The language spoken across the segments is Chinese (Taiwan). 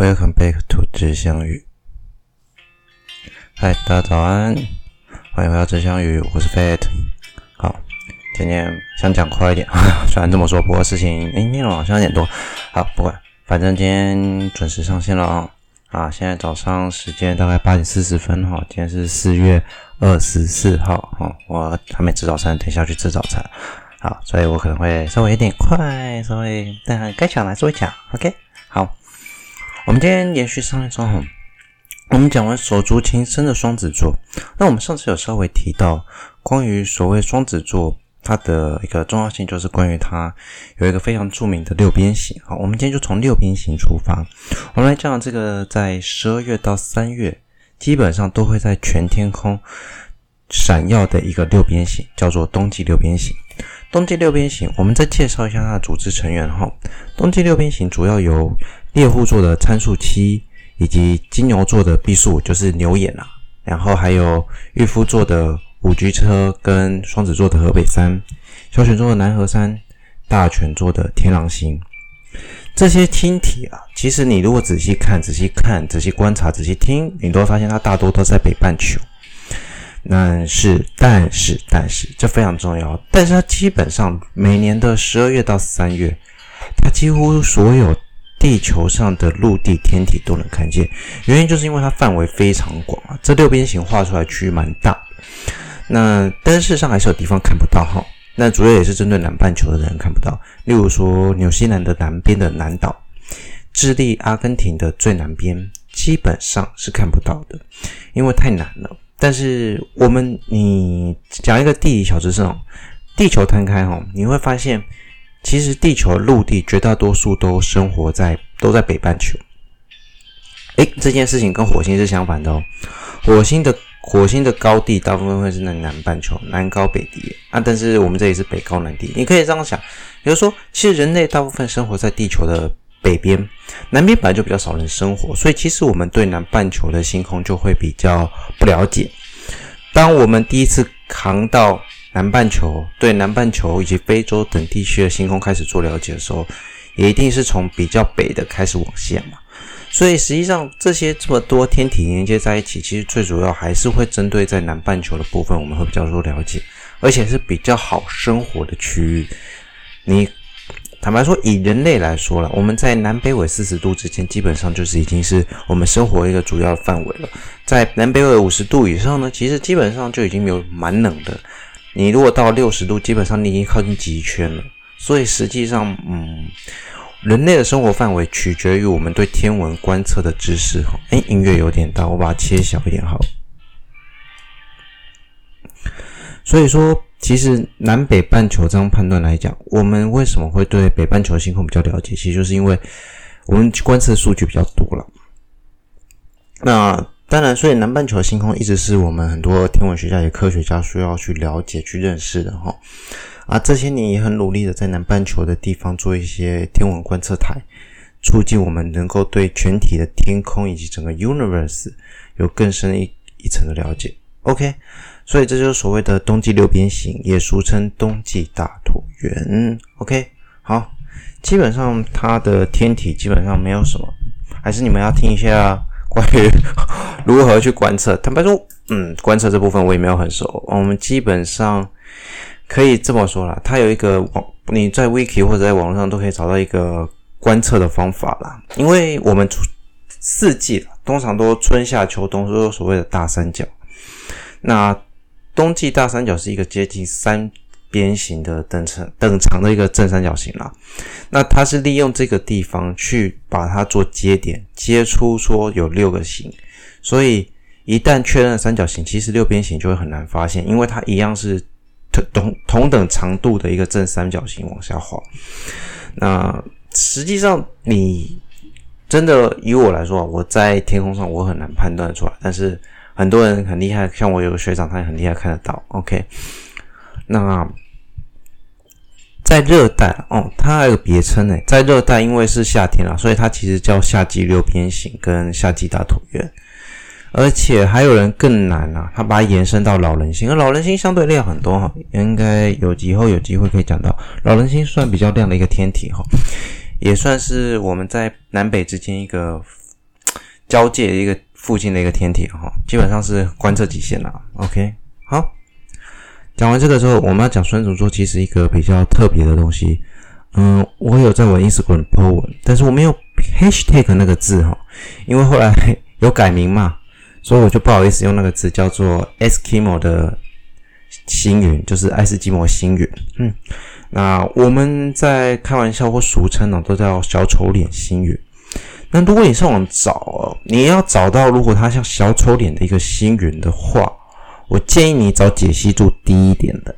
Welcome back to 直香語。嗨，大家早安，歡迎回到直香語，我是 Fat。好，今天想講快一點，呵呵雖然這麼說，不過事情哎，內容好像有點多。好，不管，反正今天準時上線了啊、哦。啊，現在早上時間大概八點四十分哈、哦，今天是四月二十四號哈、嗯，我還沒吃早餐，等一下去吃早餐。好，所以我可能會稍微有點快，稍微一，但該講的還是會講，OK。我們今天延續上一周哈，我們講完手足情深的雙子座，那我們上次有稍微提到關於所謂雙子座它的一個重要性，就是關於它有一個非常著名的六邊形。好，我們今天就從六邊形出發，我們來講這個在十二月到三月基本上都會在全天空閃耀的一個六邊形，叫做冬季六邊形。冬季六邊形，我們再介紹一下它的組織成員哈。冬季六邊形主要由獵戶座的參宿七，以及金牛座的畢宿五，就是牛眼啊，然後還有御夫座的五車二，跟雙子座的北河三，小犬座的南河三，大犬座的天狼星。這些天體啊，其實你如果仔細看、仔細看、仔細觀察、仔細聽，你都會發現它大多都是在北半球。但是，但是，但是，這非常重要。但是它基本上每年的十二月到三月，它幾乎所有。地球上的陸地天體都能看見，原因就是因為它範圍非常廣啊。這六邊形畫出來區域蠻大，那但是事實上還是有地方看不到哈、哦。那主要也是針對南半球的人看不到，例如說紐西蘭的南邊的南島、智利、阿根廷的最南邊，基本上是看不到的，因為太南了。但是我們你講一個地理小知識哦，地球攤開哦，你會發現。其實地球陸地絕大多數都生活在，都在北半球。誒，這件事情跟火星是相反的哦。火星的火星的高地大部分會是在南半球，南高北低。啊，但是我們這裡是北高南低。你可以這樣想，比如說，其實人類大部分生活在地球的北邊，南邊本來就比較少人生活，所以其實我們對南半球的星空就會比較不了解。當我們第一次看到。南半球對南半球以及非洲等地區的星空開始做了解的時候，也一定是從比較北的開始往下嘛。所以實際上這些這麼多天體連接在一起，其實最主要還是會針對在南半球的部分，我們會比較多了解，而且是比較好生活的區域。你坦白說，以人類來說了，我們在南北緯四十度之間，基本上就是已經是我們生活一個主要的範圍了。在南北緯五十度以上呢，其實基本上就已經沒有蠻冷的。你如果到六十度，基本上你已經靠近極圈了。所以實際上，嗯，人類的生活範圍取決於我們對天文觀測的知識。哈，哎，音樂有點大，我把它切小一點，好。所以說，其實南北半球這樣判斷來講，我們為什麼會對北半球的星空比較了解？其實就是因為我們觀測數據比較多了。那。當然，所以南半球的星空一直是我們很多天文學家也科學家需要去了解、去認識的哈。啊，這些年也很努力的在南半球的地方做一些天文觀測台，促進我們能夠對全體的天空以及整個 Universe 有更深一一層的了解。OK，所以這就是所謂的冬季六邊形，也俗稱冬季大橢圓。OK，好，基本上它的天體基本上沒有什麼，還是你們要聽一下。關於如何去觀測，坦白說，嗯，觀測這部分我也沒有很熟。我們基本上可以這麼說啦，它有一個網，你在 wiki 或者在網絡上都可以找到一個觀測的方法啦。因為我們四季通常都春夏秋冬，都有所謂的大三角。那冬季大三角是一個接近三。邊形的等長等長的一個正三角形啦，那它是利用這個地方去把它做接點接出，說有六個形，所以一旦確認了三角形，其實六邊形就會很難發現，因為它一樣是同同同等長度的一個正三角形往下滑。那實際上，你真的以我來說，我在天空上我很難判斷出來，但是很多人很厲害，像我有個學長，他也很厲害，看得到。OK，那。在熱帶哦，它還有別稱呢。在熱帶，因為是夏天啦、啊，所以它其實叫夏季六邊形跟夏季大橢圓。而且還有人更難啦、啊，他把它延伸到老人星，而老人星相對亮很多哈，應該有以後有機會可以講到。老人星算比較亮的一個天體哈，也算是我們在南北之間一個交界的一個附近的一個天體哈，基本上是觀測極限了、啊。OK，好。講完這個之後，我們要講雙子座其實一個比較特別的東西。嗯，我有在玩 Instagram 的 po 文，但是我沒有 hashtag 那個字哈、哦，因為後來有改名嘛，所以我就不好意思用那個字，叫做 Eskimo 的星雲，就是愛斯基摩星雲。嗯，那我們在開玩笑或俗稱呢、哦，都叫小丑臉星雲。那如果你上網找、哦，你要找到如果它像小丑臉的一個星雲的話，我建議你找解析度低一點的。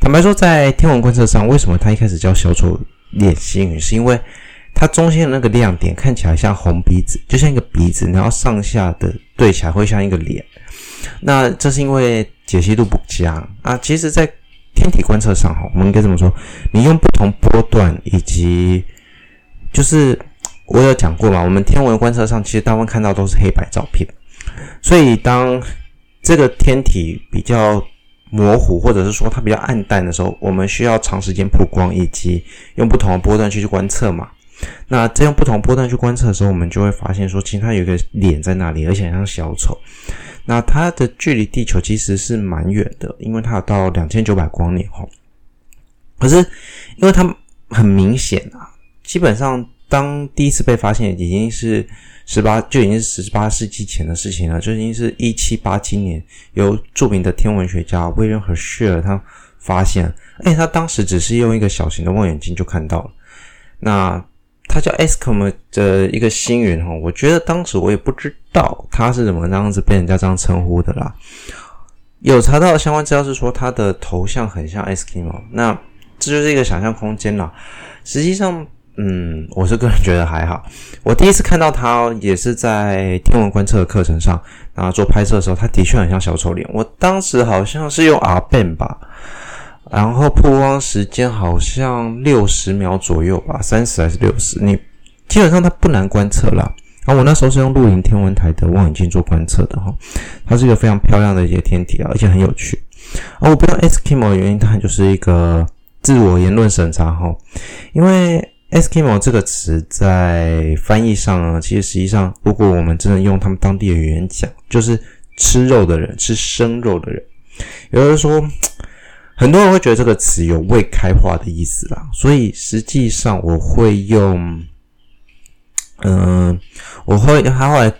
坦白說，在天文觀測上，為什麼它一開始叫小丑臉星雲？是因為它中心的那個亮點看起來像紅鼻子，就像一個鼻子，然後上下的對起來會像一個臉。那這是因為解析度不佳啊。其實，在天體觀測上，哈，我們該怎麼說？你用不同波段以及，就是我有講過嘛？我們天文觀測上其實大部分看到都是黑白照片，所以當這個天體比較模糊，或者是說它比較暗淡的時候，我們需要長時間曝光以及用不同的波段去觀測嘛。那在用不同的波段去觀測的時候，我們就會發現說，其實它有一個臉在那裡，而且很像小丑。那它的距離地球其實是蠻遠的，因為它有到兩千九百光年齁。可是，因為它很明顯啊，基本上。當第一次被發現，已經是十八，就已經是十八世紀前的事情了，就已經是一七八七年，由著名的天文學家威廉赫歇爾他發現，而且他當時只是用一個小型的望遠鏡就看到了。那他叫愛斯基摩的一個星雲哈，我覺得當時我也不知道他是怎麼那樣子被人家這樣稱呼的啦。有查到相關資料是說他的頭像很像愛斯基摩，那這就是一個想象空間啦，實際上。嗯，我是個人覺得還好。我第一次看到它、哦、也是在天文觀測的課程上，然、啊、後做拍攝的時候，它的確很像小丑臉。我當時好像是用 R-band 吧，然後曝光時間好像六十秒左右吧，三十還是六十？你基本上它不難觀測了。然、啊、後我那時候是用露營天文台的望遠鏡做觀測的哈、哦，它是一個非常漂亮的一些天體啊、哦，而且很有趣。而、啊、我不知道 Eskimo 的原因，它就是一個自我言論審查哈、哦，因為。Eskimo 這個詞在翻譯上呢，其實實際上，如果我們真的用他們當地的語言講，就是吃肉的人，吃生肉的人。有人說，很多人會覺得這個詞有未開化的意思啦，所以實際上我會用，嗯、呃，我會他後來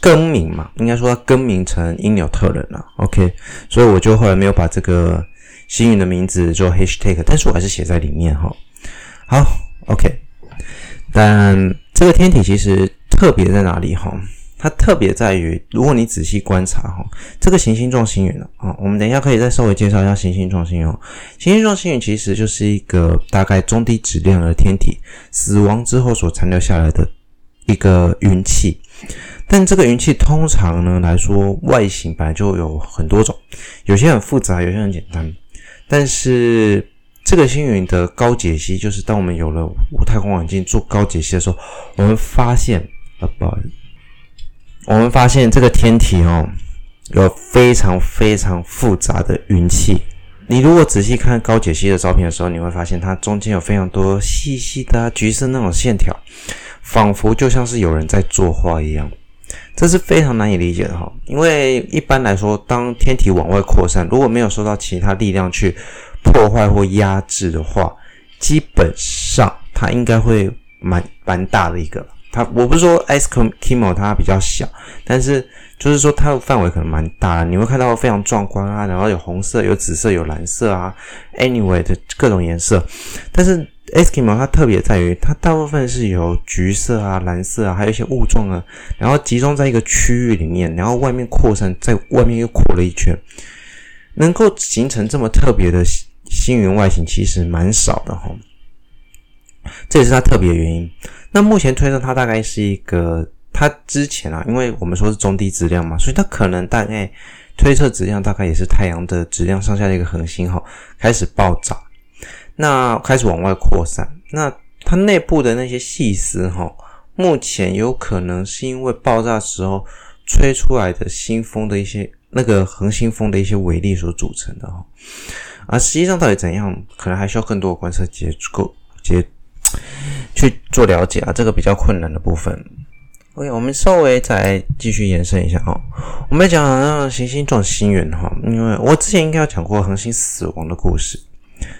更名嘛，應該說他更名成因紐特人了。OK，所以我就後來沒有把這個星雲的名字做 Hashtag，但是我還是寫在裡面哈。好。OK，但這個天體其實特別在哪裡哈？它特別在於，如果你仔細觀察哈，這個行星狀星雲呢啊，我們等一下可以再稍微介紹一下行星狀星雲。行星狀星雲其實就是一個大概中低質量的天體，死亡之後所殘留下來的一個雲氣，但這個雲氣通常呢來說，外形本來就有很多種，有些很複雜，有些很簡單，但是。這個星雲的高解析，就是當我們有了五太空望遠鏡做高解析的時候，我們發現，我們發現這個天體哦，有非常非常複雜的雲氣。你如果仔細看高解析的照片的時候，你會發現它中間有非常多細細的橘色那種線條，仿佛就像是有人在作畫一樣。這是非常難以理解的哈，因為一般來說，當天體往外擴散，如果沒有受到其他力量去。破壞或壓制的話，基本上它應該會蠻蠻大的一個。它我不是說 Eskimo 它比較小，但是就是說它的範圍可能蠻大。你會看到非常壯觀啊，然後有紅色、有紫色、有藍色啊，anyway 的各種顏色。但是 Eskimo 它特別在於，它大部分是有橘色啊、藍色啊，還有一些霧狀啊，然後集中在一個區域裡面，然後外面擴散，在外面又擴了一圈，能夠形成這麼特別的星雲外形其實蠻少的哈，這也是它特別的原因。那目前推測它大概是一個，它之前啊，因為我們說是中低質量嘛，所以它可能大概推測質量大概也是太陽的質量上下的一個恆星哈，開始爆炸，那開始往外擴散，那它內部的那些細絲哈，目前有可能是因為爆炸的時候吹出來的星風的一些那個恆星風的一些微粒所組成的哈。啊，實際上到底怎樣，可能還需要更多的觀測結構、結去做了解啊，這個比較困難的部分。OK，我們稍微再繼續延伸一下啊、哦，我們講行星狀星雲哈、哦，因為我之前應該有講過恆星死亡的故事，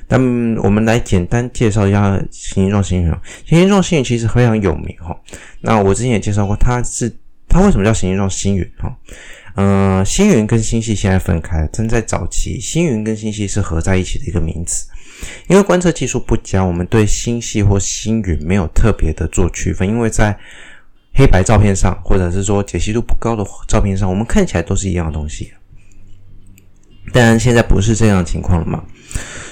但我們來簡單介紹一下行星狀星雲。行星狀星雲其實非常有名哈、哦，那我之前也介紹過它是，它為什麼叫行星狀星雲啊、哦？嗯、呃，星雲跟星系現在分開，正在早期，星雲跟星系是合在一起的一個名詞，因為觀測技術不佳，我們對星系或星雲沒有特別的做區分，因為在黑白照片上，或者是說解析度不高的照片上，我們看起來都是一樣的東西。當然現在不是這樣的情況了嘛，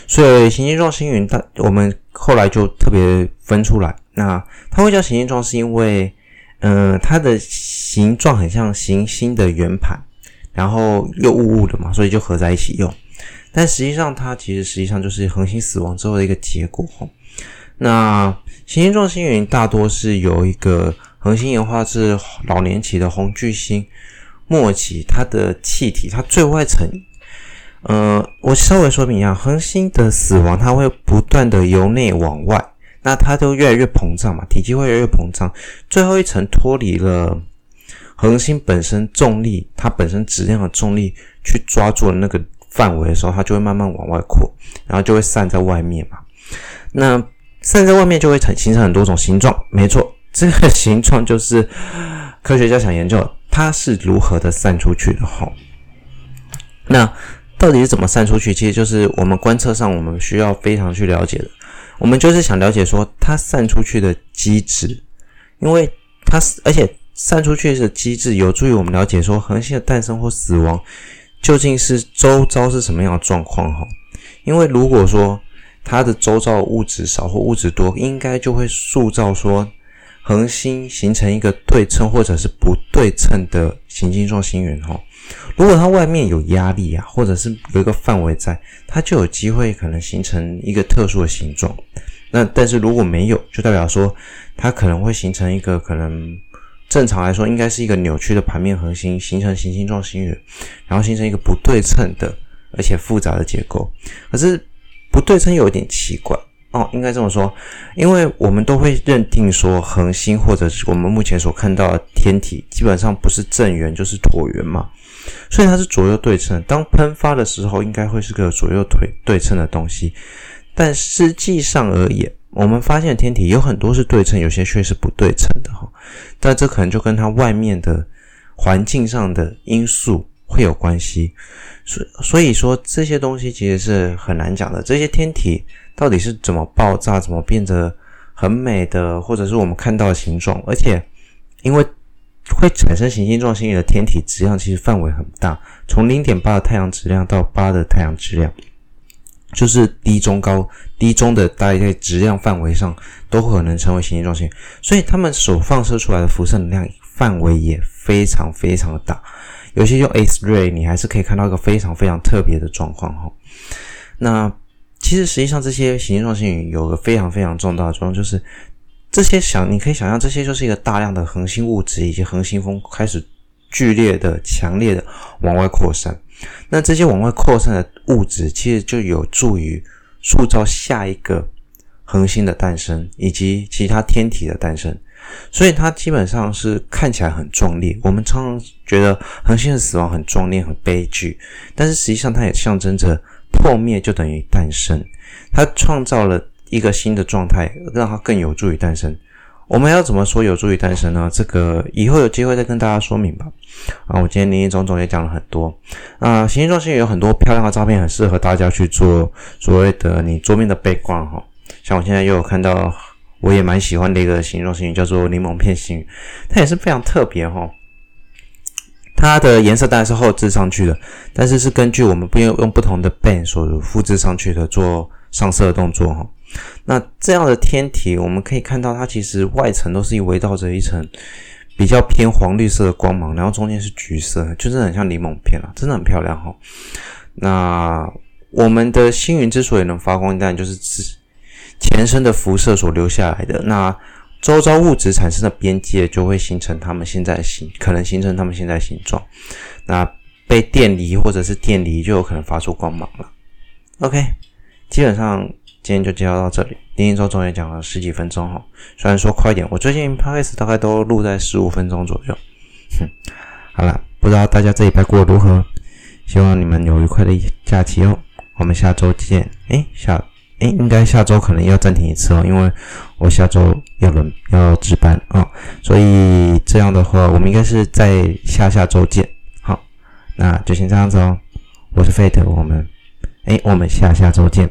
所以行星狀星雲，它我們後來就特別分出來。那它會叫行星狀，是因為，嗯、呃，它的。形狀很像行星的圓盤，然後又霧霧的嘛，所以就合在一起用。但實際上，它其實實際上就是恆星死亡之後的一個結果齁。那行星狀星雲大多是由一個恆星演化至老年期的紅巨星末期，它的氣體，它最外層，呃，我稍微說明一下，恆星的死亡，它會不斷地由內往外，那它就越來越膨脹嘛，體積會越來越膨脹，最後一層脫離了。恆星本身重力，它本身質量的重力去抓住了那個範圍的時候，它就會慢慢往外擴，然後就會散在外面嘛。那散在外面就會產形成很多種形狀，沒錯，這個形狀就是科學家想研究它是如何的散出去的齁。那到底是怎麼散出去？其實就是我們觀測上我們需要非常去了解的，我們就是想了解說它散出去的機制，因為它是而且。散出去的機制有助於我們了解說恆星的誕生或死亡究竟是周遭是什麼樣的狀況哈。因為如果說它的周遭物質少或物質多，應該就會塑造說恆星形成一個對稱或者是不對稱的行星狀星雲哈。如果它外面有壓力啊，或者是有一個範圍在，它就有機會可能形成一個特殊的形狀。那但是如果沒有，就代表說它可能會形成一個可能。正常來說，應該是一個扭曲的盤面恆星，形成行星狀星雲，然後形成一個不對稱的而且複雜的結構。可是不對稱有點奇怪哦，應該這麼說，因為我們都會認定說恆星或者是我們目前所看到的天體基本上不是正圓就是橢圓嘛，所以它是左右對稱。當噴發的時候，應該會是個左右腿對稱的東西，但實際上而言。我們發現天體有很多是對稱，有些卻是不對稱的哈，但這可能就跟它外面的環境上的因素會有關係，所所以說這些東西其實是很難講的。這些天體到底是怎麼爆炸，怎麼變得很美的，或者是我們看到的形狀，而且因為會產生行星狀星雲的天體質量其實範圍很大，從零點八的太陽質量到八的太陽質量。就是低、中、高、低、中的，大概在質量範圍上都可能成為行星狀星雲，所以它們所放射出來的輻射能量範圍也非常非常的大。有些用 X-ray，你還是可以看到一個非常非常特別的狀況哈。那其實實際上這些行星狀星雲有個非常非常重大的作用，就是這些想你可以想象，這些就是一個大量的恆星物質以及恆星風開始劇烈的、強烈的往外擴散。那這些往外擴散的物質，其實就有助於塑造下一個恆星的誕生以及其他天體的誕生。所以它基本上是看起來很壯烈。我們常常覺得恆星的死亡很壯烈、很悲劇，但是實際上它也象徵着破滅就等於誕生。它創造了一個新的狀態，讓它更有助於誕生。我們要怎麼說有助於誕生呢？這個以後有機會再跟大家說明吧。啊，我今天林林總總也講了很多。啊，行星狀星雲有很多漂亮的照片，很適合大家去做所謂的你桌面的背光哈。像我現在又有看到，我也蠻喜歡的一個行星狀星雲，叫做檸檬片星雲，它也是非常特別哈。它的顏色當然是後置上去的，但是是根據我們不用用不同的 band 所複製上去的做上色的動作哈。那這樣的天體，我們可以看到它其實外層都是圍繞着一層比較偏黃綠色的光芒，然後中間是橘色，就是很像檸檬片啊，真的很漂亮哦。那我們的星雲之所以能發光，當然就是前身的輻射所留下來的。那周遭物質產生的邊界就會形成它們現在形，可能形成它們現在形狀。那被電離或者是電離就有可能發出光芒了。OK，基本上。今天就介紹到這裡，第一周總也講了十幾分鐘哈、哦，雖然說快一點，我最近拍 o d 大概都錄在十五分鐘左右。哼，好了，不知道大家這一拜過得如何？希望你們有愉快的假期哦，我們下周見。哎下哎，應該下周可能要暫停一次哦，因為我下周要輪要值班啊、哦，所以這樣的話，我們應該是在下下周見。好、哦，那就先這樣子哦。我是費德，我們哎，我們下下周見。